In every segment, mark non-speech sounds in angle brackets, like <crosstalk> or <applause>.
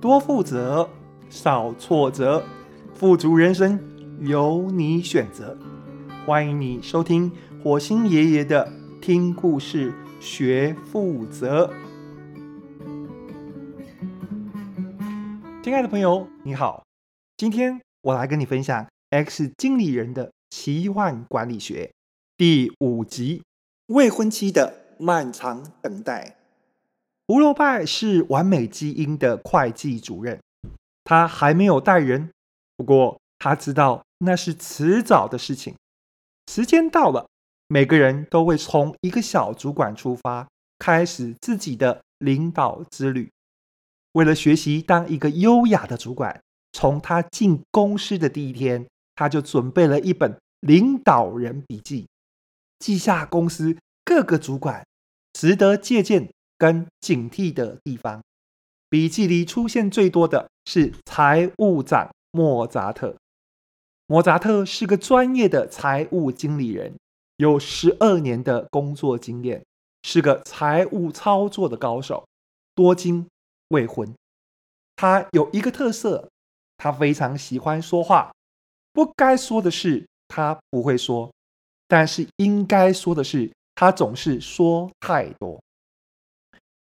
多富擇，少挫折，富足人生由你選擇。歡迎你收聽火星爺爺的聽故事學富擇。親愛的朋友，你好，今天我來跟你分享《X 經理人的奇幻管理學》第五集《未婚妻的漫長等待》。符樓拜是完美基因的會計主任，他還沒有帶人，不過他知道那是遲早的事情。時間到了，每個人都會從一個小主管出發，開始自己的領導之旅。為了學習當一個優雅的主管，從他進公司的第一天，他就準備了一本《領導人筆記》，記下公司各個主管值得借鑒跟警惕的地方，筆記裡出現最多的是財務長莫扎特。莫扎特是個專業的財務經理人，有十二年的工作經驗，是個財務操作的高手。多金未婚，他有一個特色，他非常喜歡說話。不該說的事他不會說，但是應該說的事他總是說太多。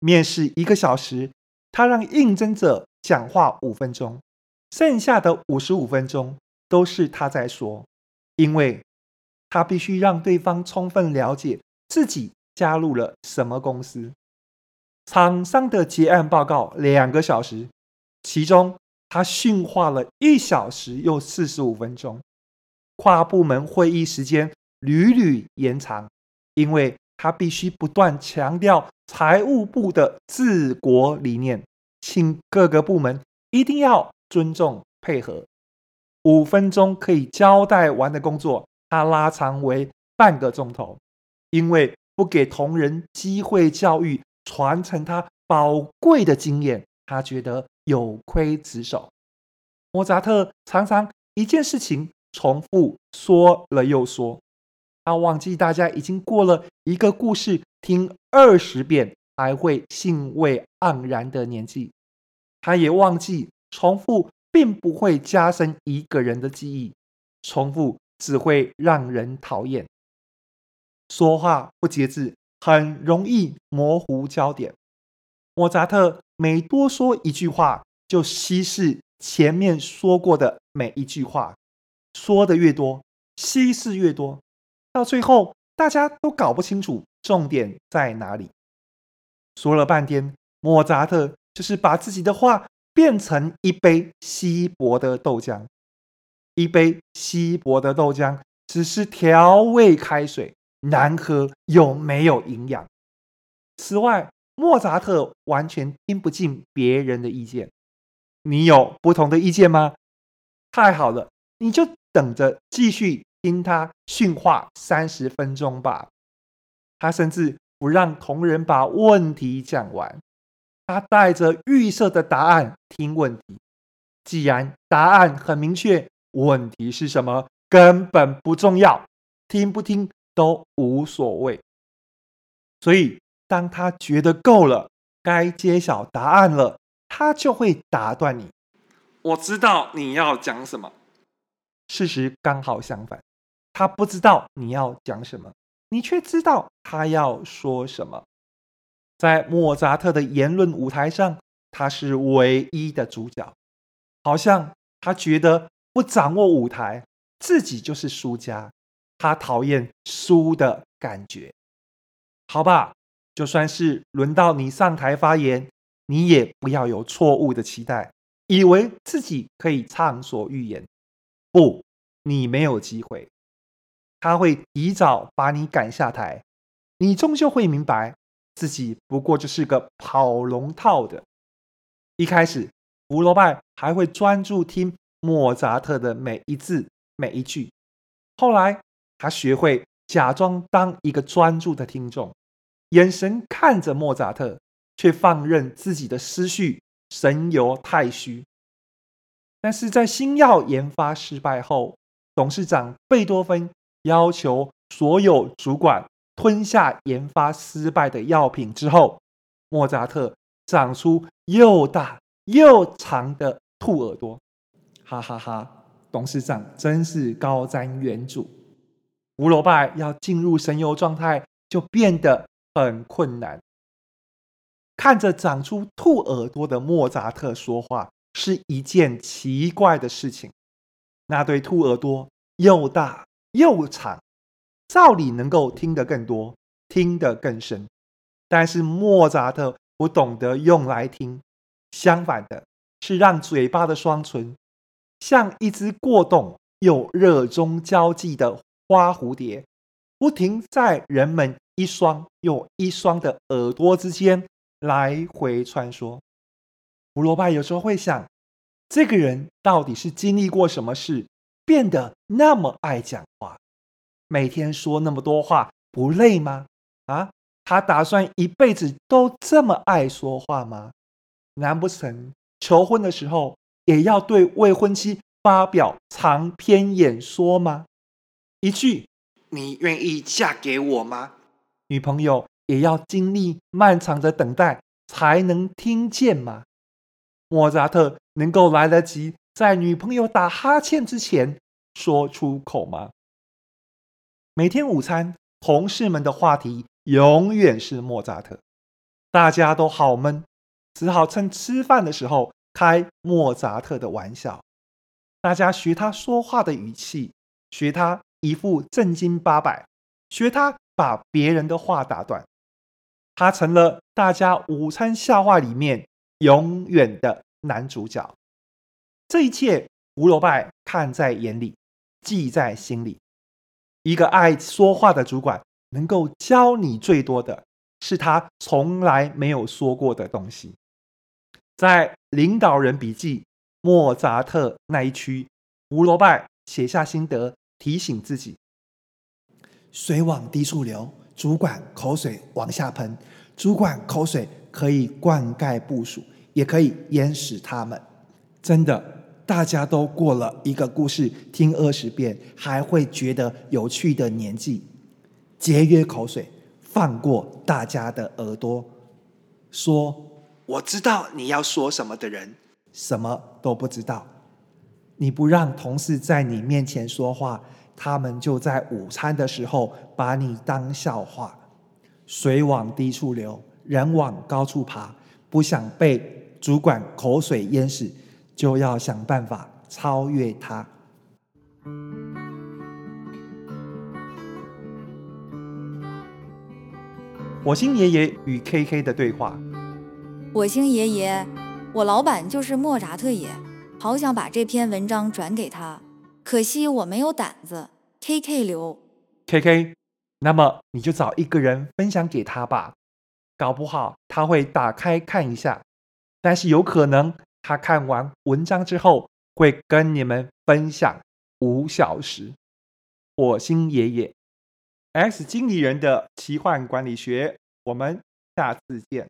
面試一個小時，他讓應徵者講話五分鐘，剩下的五十五分鐘都是他在說，因為他必須讓對方充分了解自己加入了什麼公司。廠商的結案報告兩個小時，其中他訓話了一小時又四十五分鐘。跨部門會議時間屢屢延長，因為他必須不斷強調財務部的治國理念，請各個部門一定要尊重配合。五分鐘可以交代完的工作，他拉長為半個鐘頭，因為不給同仁機會教育，傳承他寶貴的經驗，他覺得有虧職守。莫扎特常常一件事情重複說了又說，他忘記大家已經過了一個故事。聽二十遍還會興味盎然的年紀，他也忘記重複並不會加深一個人的記憶，重複只會讓人討厭。說話不節制，很容易模糊焦點。莫扎特每多說一句話，就稀釋前面說過的每一句話，說得越多，稀釋越多，到最後大家都搞不清楚，重點在哪裡？說了半天，莫扎特就是把自己的話變成一杯稀薄的豆漿，一杯稀薄的豆漿只是調味開水，難喝，又沒有營養。此外，莫扎特完全聽不進別人的意見。你有不同的意見嗎？太好了，你就等着繼續聽他訓話三十分鐘吧。他甚至不讓同仁把問題講完，他帶着預設的答案聽問題。既然答案很明確，問題是什麼根本不重要，聽不聽都無所謂。所以，當他覺得夠了，該揭曉答案了，他就會打斷你。我知道你要講什麼，事實剛好相反，他不知道你要講什麼。你卻知道他要說什麼，在莫扎特的言論舞台上，他是唯一的主角，好像他覺得不掌握舞台，自己就是輸家。他討厭輸的感覺，好吧，就算是輪到你上台發言，你也不要有錯誤的期待，以為自己可以暢所欲言。不，你沒有機會。他會提早把你趕下台，你終究會明白自己不過就是個跑龍套的。一開始，符樓拜還會專注聽莫扎特的每一字每一句，後來他學會假裝當一個專注的聽眾，眼神看着莫扎特，卻放任自己的思緒神遊太虛。但是在新藥研發失敗後，董事長貝多芬。要求所有主管吞下研发失敗的藥品之後，莫扎特長出又大又長的兔耳朵，哈哈哈,哈！董事長真是高瞻遠矚。符樓拜要進入神遊狀態就變得很困難。看着長出兔耳朵的莫扎特說話是一件奇怪的事情。那對兔耳朵又大。又長，照理能夠聽得更多，聽得更深。但是莫扎特不懂得用來聽，相反的是，讓嘴巴的雙唇像一隻過冬又熱衷交際的花蝴蝶，不停在人們一雙又一雙的耳朵之間來回穿梭。符樓拜有時候會想，這個人到底是經歷過什麼事？變得那麼愛講話，每天說那麼多話不累嗎？啊，他打算一輩子都這麼愛說話嗎？難不成求婚的時候也要對未婚妻發表長篇演說嗎？一句“你願意嫁給我嗎？”女朋友也要經歷漫長的等待才能聽見嗎？莫扎特能夠來得及在女朋友打哈欠之前說出口嗎？每天午餐，同事們的話題永遠是莫扎特，大家都好悶，只好趁吃飯的時候開莫扎特的玩笑。大家學他說話的語氣，學他一副正經八百，學他把別人的話打斷。他成了大家午餐笑話裡面永遠的男主角。這一切，符樓拜看在眼裡，記在心裡。一個愛說話的主管，能夠教你最多的是他從來沒有說過的東西。在《領導人筆記》莫扎特那一區，符樓拜寫下心得，提醒自己：水往低處流，主管口水往下噴，主管口水可以灌溉部屬，也可以淹死他們。真的，大家都過了一個故事聽二十遍還會覺得有趣的年紀，節約口水，放過大家的耳朵。說我知道你要說什麼的人，什麼都不知道。你不讓同事在你面前說話，他們就在午餐的時候把你當笑話。水往低處流，人往高處爬，不想被主管口水淹死，就要想辦法超越他。火星爺爺與 KK 的對話。火星爺爺，我老闆就是莫札特爺，好想把這篇文章轉給他，可惜我沒有膽子。KK 留。KK，那麼你就找一個人分享給他吧，搞不好他會打開看一下，但是有可能。他看完文章之後，會跟你們分享五小時。火星爺爺，X <noise> 經理人的奇幻管理學，我們下次見。